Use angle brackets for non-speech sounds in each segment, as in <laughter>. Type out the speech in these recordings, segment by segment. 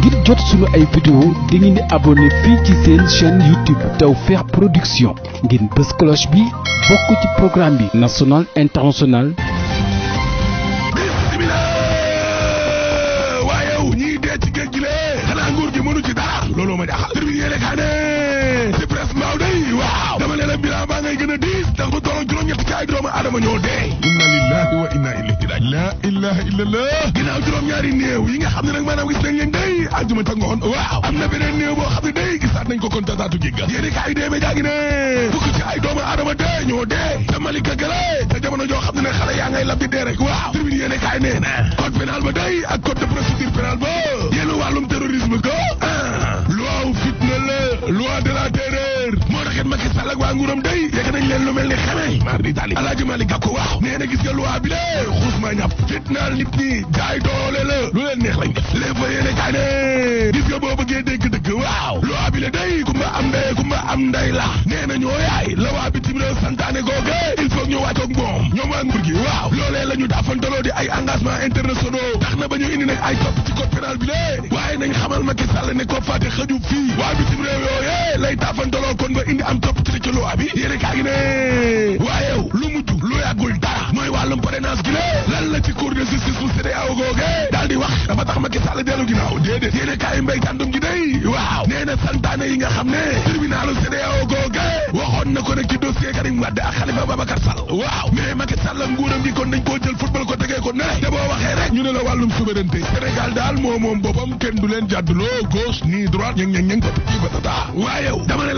ngir jot sunu ay vidéo di ngeen di abonné fii ci seen chaîne YouTube Tawfekh Production ngeen bës cloche bi bokk ci programme bi national international waaye ñiy dee ci géej gi lee xanaa nguur gi mënu ci dara looloo ma jaaxal tribunal ka ne ci presse mbaaw day waaw dama ne la bilan baa ngay gën a diis ndax ba tolloon juróom-ñetti ci ay doomu aadama ñoo dee lillahi wa inna ilayhi raji'un la ilaha illallah ginnaaw juróom-ñaari néew yi nga xam ne nag maanaam gis nañ leen day àjjuma ta ngoon waaw am na beneen néew boo xam ne day gisaat nañ ko kon tasaatu jégga yéeni ka ay dee ba jaagi ne fukk ci ay doomu aadama dee ñoo dee te malika gële te jamono joo xam ne ne xale yaa ngay lab di dee rek waaw tribune yéene kaay nee na code pénal ba day ak code de procédure pénale ba yéen wàllum terrorisme ko maar di tali alaaji Malick Gakou waaw nee na gis nga loi bi de xuus ma ñàpp fitnaal nit ñi jaay doole la lu leen neex lañ def a fa yéene kaay ne gis nga boo bëggee dégg dëgg waaw loi bi la day kumba am ndey kumba am ndey la nee na ñoo yaay la waa bitim réew santaane googe il faut ñu wàccoog moom ñoom waa nguur gi waaw loolee la ñu daafantaloo di ay engagement internationaux tax na ba ñu indi nag ay topp ci code pénal bi de waaye nañ xamal Macky ne ko yéen kaay gi ne waaye lu mujj lu yàggul dara wàllum parrainage gi lée lan la ci cour de justice bu CEDEAO googe daal di wax a tax Macky dellu ginnaaw déedéet yéen a kaay mbéy tàndum waaw nee na santaane yi nga xam ne tribunalu CEDEAO googe waxoon na ko nag ci a Karim a ak Khalifa Babacar Sall waaw mais Macky Sall gi kon dañ koo jël football ko tegee ko ne te boo waxee rek ñu ne la wàllum souveraineté Sénégal daal moo moom boppam kenn du leen jàdduloo gauche ni droite ñang ñang ñang pati ba tata waaye dama ne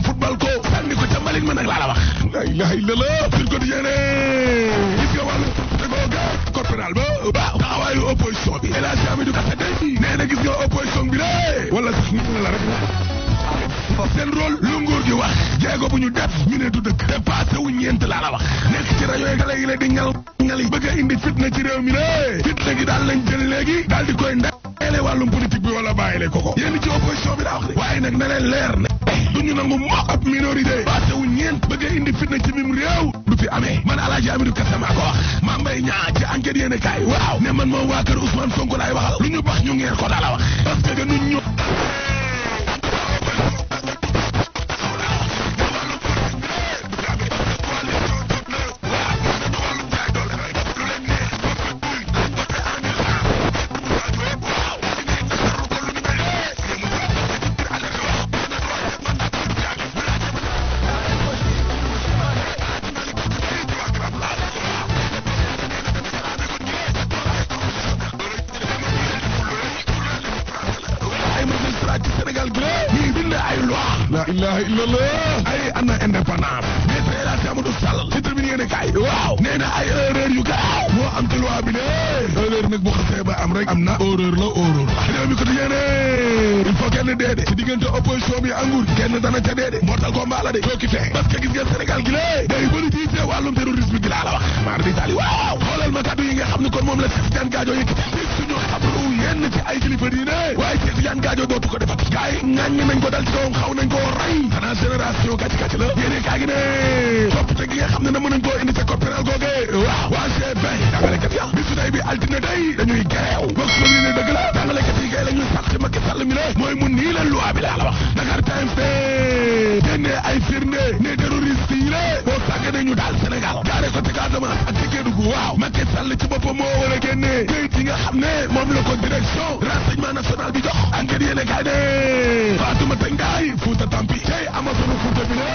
dem football ko sànni ko ca mbalit ma nag laa la wax la ilaha illallah suñ ko di yéene gis nga wàllu te googa code pénal ba waaw taxawaayu opposition bi El Hadji Amidou Kassa day nee na gis nga opposition bi la wala sax ñu ne la rek seen rôle lu nguur gi wax jéego bu ñu def ñu ne du dëkk dépassé wu ñeent laa la wax nekk ci rajo yi da léegi di ñal bëgg a indi fitna ci réew mi lé fitna gi daal lañ jël léegi daal di koy ndax ele wàllum politique bi wala bàyyile ko ko yéen ci opposition bi daa wax de waaye nag na leer ne du ñu nangu moo ab minorité passé wu ñeent bëgg a indi fitna ci mim réew du fi amee man alaaji Amidou Kassama ko wax maa mbay ñaa ci enquête yéene waaw ne man moom waa kër Ousmane Sonko laay lu ñu bax ñu ngeer ko daala wax parce que nu ñu la ilaha illallah ay ana indépendance mais tey laa ci Amadou Sall ci tribune yéene kaay waaw nee na ay erreur yu gaaw moo am ci loi bi ne erreur bu xasee am rek am na erreur la erreur la réew mi quotidien ne il faut kenn dee de ci diggante opposition bi angur kenn dana ca mortal combat la de tooki fee parce que gis ngeen Sénégal gi lée wàllum terrorisme bi laa la wax maar di tali waaw xoolal ma kàddu yi nga xam ne kon moom la Cheikh Tidiane Gadio yëkkati ci suñu xabru yenn ci ay kilifa diine waaye Cheikh Tidiane Gadio dootu ko defat gaay yi ŋàññ nañ ko dal ci kawam xaw nañ koo rey xanaa génération gàcc gàcc la yéene kaa gi ne coppite gi nga xam ne na mën nañ koo indi ca googe waa GB jàngalekat ya bisu tey bi altine day dañuy gereew boog moom li ne dëgg la jàngalekat yi kay la ñuy sax ci Macky Sall mi la mooy mu nii la loi bi laa la wax Dakar Times nee nañu daal Sénégal jaaree ko ci Casamance ak ci Kédougou waaw Macky Sall ci boppam moo war a génnee këyit yi nga xam ne moom la ko direction renseignement national bi jox enquête yéene kaay ne Fatoumata Ngaye Fouta Tampi tey Amazone Fouta bi la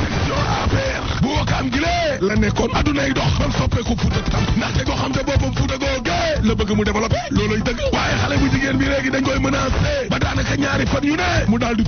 section APR bu wokkaam gi lee la nekkoon adduna yi dox bam soppeeku Fouta Tampi ndaxte koo xam te boppam Fouta googee la bëgg mu développé looloy dëgg waaye xale bu jigéen bi léegi dañ koy menacé ba daanaka ñaari fan yu ne mu daal di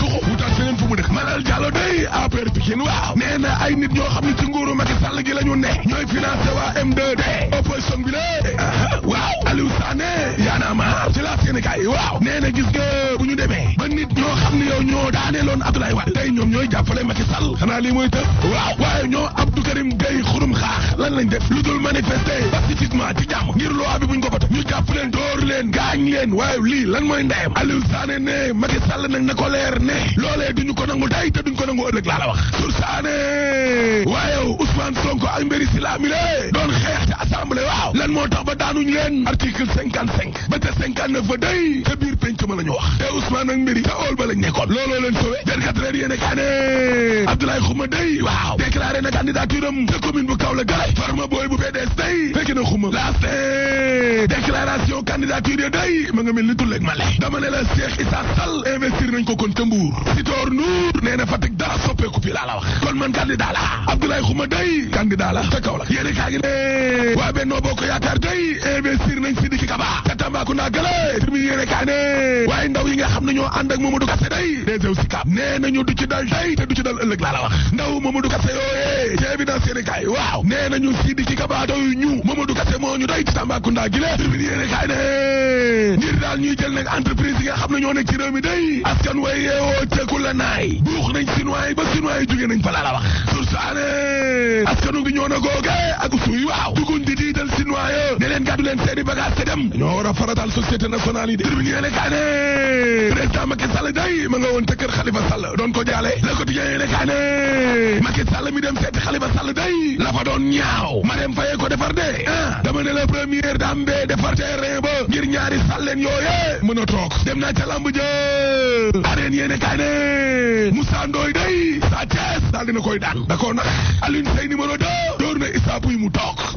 Bilal Diallo day affaire waaw nee ay nit ñoo xam ne ci nguuru Macky Sall gi la ne ñooy financé waa M2D opposition bi de waaw Aliou Sané yaanaama ci laas yéen kaay waaw nee gis nga bu ñu demee nit ñoo xam ne yow ñoo daaneeloon Abdoulaye Wade tey ñoom ñooy jàppale Macky Sall xanaa lii mooy tëb waaw waaye ñoo Abdou Karim Gueye xurum xaax lan lañ def lu dul manifester pacifiquement ci jàmm ngir loi bi buñ ko bote ñu jàpp leen door leen gaañ leen waaye lii lan mooy ndeyam Aliou Sané ne Macky Sall nag na ko ne loolee duñu ko nangu tey te duñ ko nangu ëllëg laa la wax sur Sané waaye Ousmane Sonko ak Mbéri Sylla mi doon xeex te cinquante neuf ma la ñu wax te Ousmane ak mbiri ca óol ba lañ nekkoon looloo leen sowe jërkat reer yéene kaa ne Abdoulaye Xuma day waaw déclaré na candidature am ca commune bu Kaolack gale farma booy bu PDS day fekk na Xuma laast déclaration candidature ya day ma nga mel ni tulleeg ma le dama ne la Cheikh Issa Sall investir nañ ko kon ca Mbour Sitor Ndour nee na Fatick dara soppeeku fi laa la wax kon man candidat la Xuma day candidat la ca Kaolack yéene kaa ngi Tambacounda gële tribune yéene kaa waaye ndaw yi nga xam ne ñoo ànd ak Mamadou Kassé day des ew sikaab nee nañu du ci dal tey te du ci dal ëllëg laa la wax ndaw Mamadou Kassé yooyee ci évidence yéene kaay waaw nee nañu Sidiki Kaba doy ñu Mamadou Kassé moo ñu doy ci Tambacounda gi le tribune yéene kaay ne ngir daal ñuy jël nag entreprise yi nga xam ne ñoo nekk ci réew mi day askan way yeewoo ceku la naay buux nañ sinuwaay ba sinuwaay a nañ fa laa la wax sursaane askanu gi ñoo na googe leen seeni bagage te dem ñoo war a faratal société nationale yi de tribune yéene kaa ne président Macky Sall day ma nga woon te kër Khalifa Sall doon ko jaale Le Quotidien yéene kaa ne Macky Sall mi dem seeti Khalifa Sall day la fa doon ñaaw Marème Faye ko defar de ah la première dame defar terrain ba ngir ñaari salleen yooye mën a toog dem naa ca lamb jë arène yéene kaa ne Moussa Ndoye day sa Thiès daal dina koy daan d'accord nag Alioune Seye numéro deux door na Issa Pouye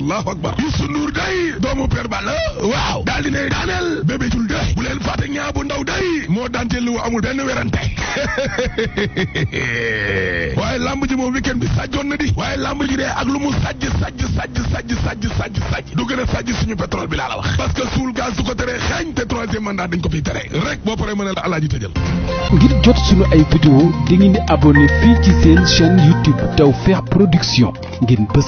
allahu akbar Youssou Ndour day doomu Père Balla waaw daal di ne daaneel bébé jul day bu leen fàtte ñaa bu ndaw day moo daante lu amul benn werante <laughs> waaye lamb ji moom weekend bi sàjjoon na di waaye lamb ji dee ak lu mu sàjj sàjj sàjj sàjj sàjj sàjj sàjj du gën a sàjj suñu pétrole bi laa la wax parce que suul gaz du ko tere xeeñ te troisième mandat dañ ko fiy tere rek boo paree mën a la alaaji tëjal ngir jot suñu ay vidéo di di abonné fii ci seen chaîne YouTube Tawfekh Production ngeen bës